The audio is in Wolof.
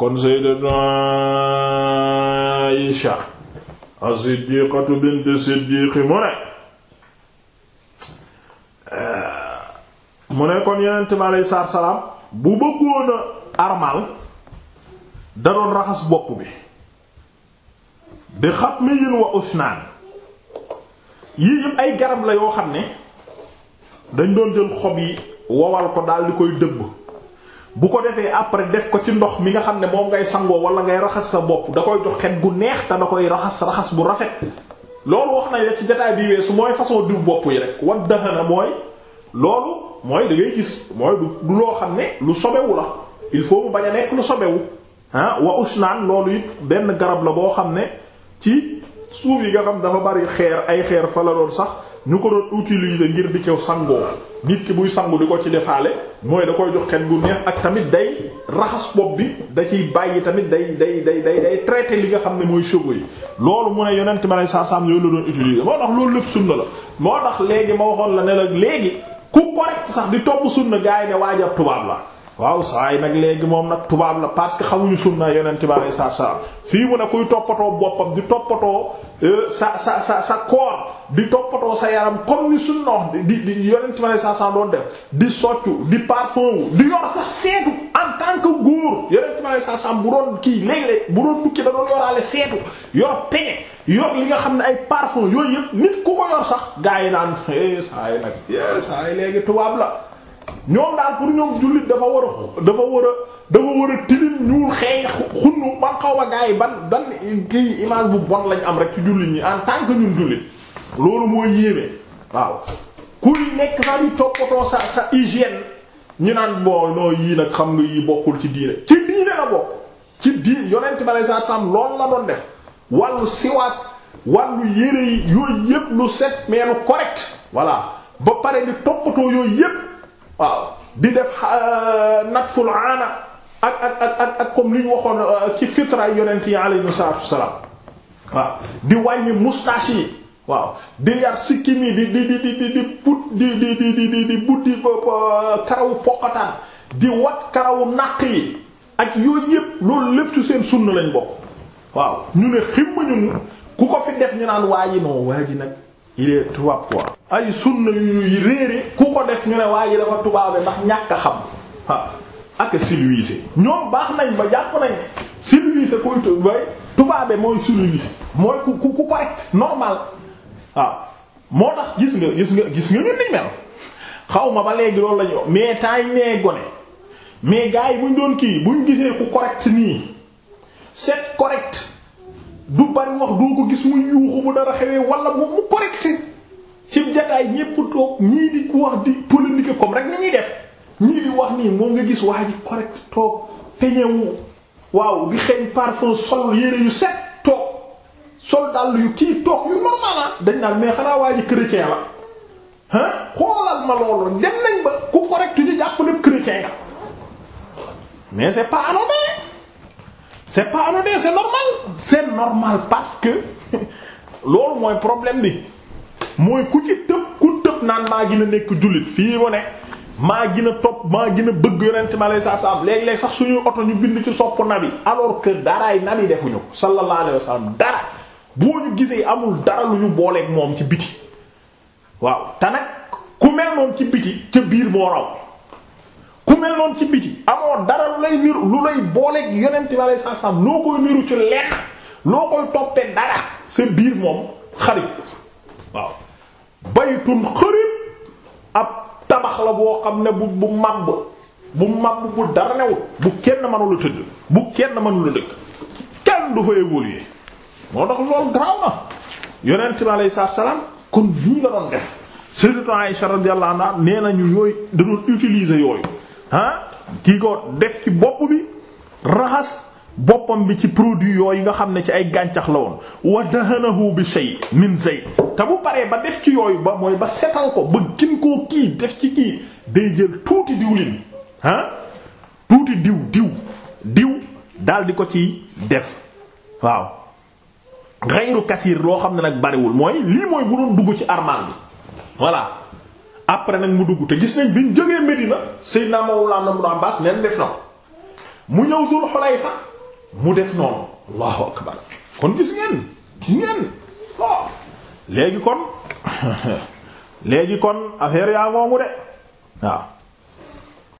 kon sayyidatu Aisha as-Siddiqatu bint Siddiq mu ne mu ne kon yonent bi aleyhi salaatu salaam bu bëggoona armal da doon raxas bopp bi bi xatmiyin wa usnaan yii yëpp ay garab la yoo xam ne dañ doon jël xob yi wowal ko daal di koy dëbb bu ko defee après def ko ci ndox mi nga xam ne moom ngay sangoo wala ngay raxas sa bopp da koy jox xet gu neex te da koy raxas raxas bu rafet loolu wax nañ la ci jotaay bi weesu mooy façon diw bopp yi rek wan dëxana mooy loolu mooy da ngay gis mooy du loo xam ne lu sobewu la il faut mu bañ a nekk lu sobewu ah wa usnaan loolu it benn garab la boo xam ne ci suuf yi nga xam dafa bari xeer ay xeer fa la doon sax ñu ko doon utiliser ngir di ko sangoo nit ki buy sangu di ko ci defaale mooy da koy jox xet gu neex ak tamit day raxas bopp bi da ciy bàyyi tamit day day day day day traité li nga xam ne mooy cheveux yi loolu mu ne yonent ma ne saa saam yooyu la doon utiliser moo tax loolu lépp sunna la moo tax léegi ma waxoon la ne la léegi ku correct sax di topp sunna gaay ne waaja tubaab la waaw saa yi nag léegi moom nag tubaab la parce que xamuñu sunna yonent bi alayhi salaatu salaam fii mu ne kuy toppatoo boppam di toppatoo euh, sa sa sa sa di toppatoo sa yaram comme ni sunna di bi alayhi salaatu salaam doon def di soccu di parfum wu di yor sax en tant que góor yonent bi bu kii léeg-léeg bu doon tukki da doon nga xam ne ay parfum yooyu yëpp nit sax gaa yi naan eh, saa eh, léegi tubaab la. ñoom daal pour ñoom jullit dafa war a dafa war a dafa war a tilim ñuul xeey xunnu man xaw ma gaa yi ban ban kii image bu bon lañ am rek ci jullit ñi en tant que ñun jullit loolu moo yéeme waaw kuy nekk sax ñu toppatoo sa sa hygiène ñu naan boo noo yii nag xam nga yii bokkul ci diine ci diine la bokk ci diine yonent bi saa sam loolu la doon def wàllu siwaat wàllu yére yi yooyu yépp lu set mais lu correct voilà ba pare di toppatoo yooyu yépp waaw di def natful aana ak ak ak ak comme li waxoon euh, ci fitra yonent yi alayhi salaatu wassalaam waaw di wàññi moustache yi waaw di yar sikkim yi di di di di di di put di di di di di di euh, karawu poqataan di wat karawu naq yi ak yooyu yëpp loolu lépp ci seen sunna lañ bokk waaw ñu ne xim ñun ku ko fi def ñu naan waa ji non waa ji nag il est tubaab quoi ay sunna yuy réere ku ko def ñu ne waaye la ko tubaabe ndax ñàkk xam ah ak civilisé ñoom baax nañ ba jàpp nañ civilisé kuy bay tubaabe mooy civilisé mooy ku ku ku correct normal waaw moo tax gis nga gis nga gis nga ñun niñ mel xaw ma ba léegi loolu la mais temps yi nee gone mais gars yi buñ doon kii bu buñ gisee ku correct nii c'est correct du bari wax doo ko gis muy yuuxu bu dara xewee wala bu mu correct ci jataay ñépp toog ñii di wax di polémique comme rek ni ñuy def ñii di wax nii moom nga gis waa ji correct toog peñewu waaw di xeeñ parfum sol yére yu set toog sol dàll yu kii toog yu normal ah. dañ naan mais xanaa waa ji la ah xoolal ma loolu dem ba ku correct ñu jàpp ne chrétien nga mais c'est pas anodin c'est pas anodin c'est normal c'est normal parce que loolu mooy problème bi mooy ku ci tëb ku tëb naan maa gën a nekk jullit fii mu ne maa gin a topp maa gën a bëgg yonent ma lay saabsaab léeg-léeg sax suñuy oto ñu bind ci sopp nabi alors que daray nabi defuñu ko sallallahu alayhi wa sallam dara boo ñu gisee amul dara lu ñu booleeg moom ci biti waaw te nag ku mel noonu ci biti ca biir moo raw. mel noonu ci biti amoo dara lu lay niru lu lay booleeg yonent bi alayhi salaam loo koy niru ci lenn loo koy toppee dara sa biir moom xarit waaw baytun xarit ab tabax la boo xam ne bu bu màbb bu màbb bu dara newul bu kenn mënula tëdd bu kenn mënula dëkk kenn du fa évoluer moo tax loolu garaaw na yonent bi alayhi salaam kon lii la doon def Sayyidatu Aïsha radiyallahu anha nee nañu yooyu da utilise utiliser yooyu ah kii def ci bopp bi raxas boppam bi ci produit yooyu nga xam ne ci ay gàncax la woon wa dahanahu bi shay min zayt te bu paree ba def ci yooyu ba mooy ba setal ko ba gin koo kii def ci kii day jël tuuti diwlin ah tuuti diw diw diw daal di ko ci def waaw gayru kathir loo xam ne nag bariwul mooy lii mooy bu doon dugg ci armal bi voilà après nag mu dugg te gis nañ bi ñu jógee Medina na Mawlana Ibn Abbas leen def na mu ñëw Dul Xulayfa mu def noonu Allahu akbar kon gis ngeen gis ngeen oh léegi kon léegi kon affaire yaa ngoogu de waaw.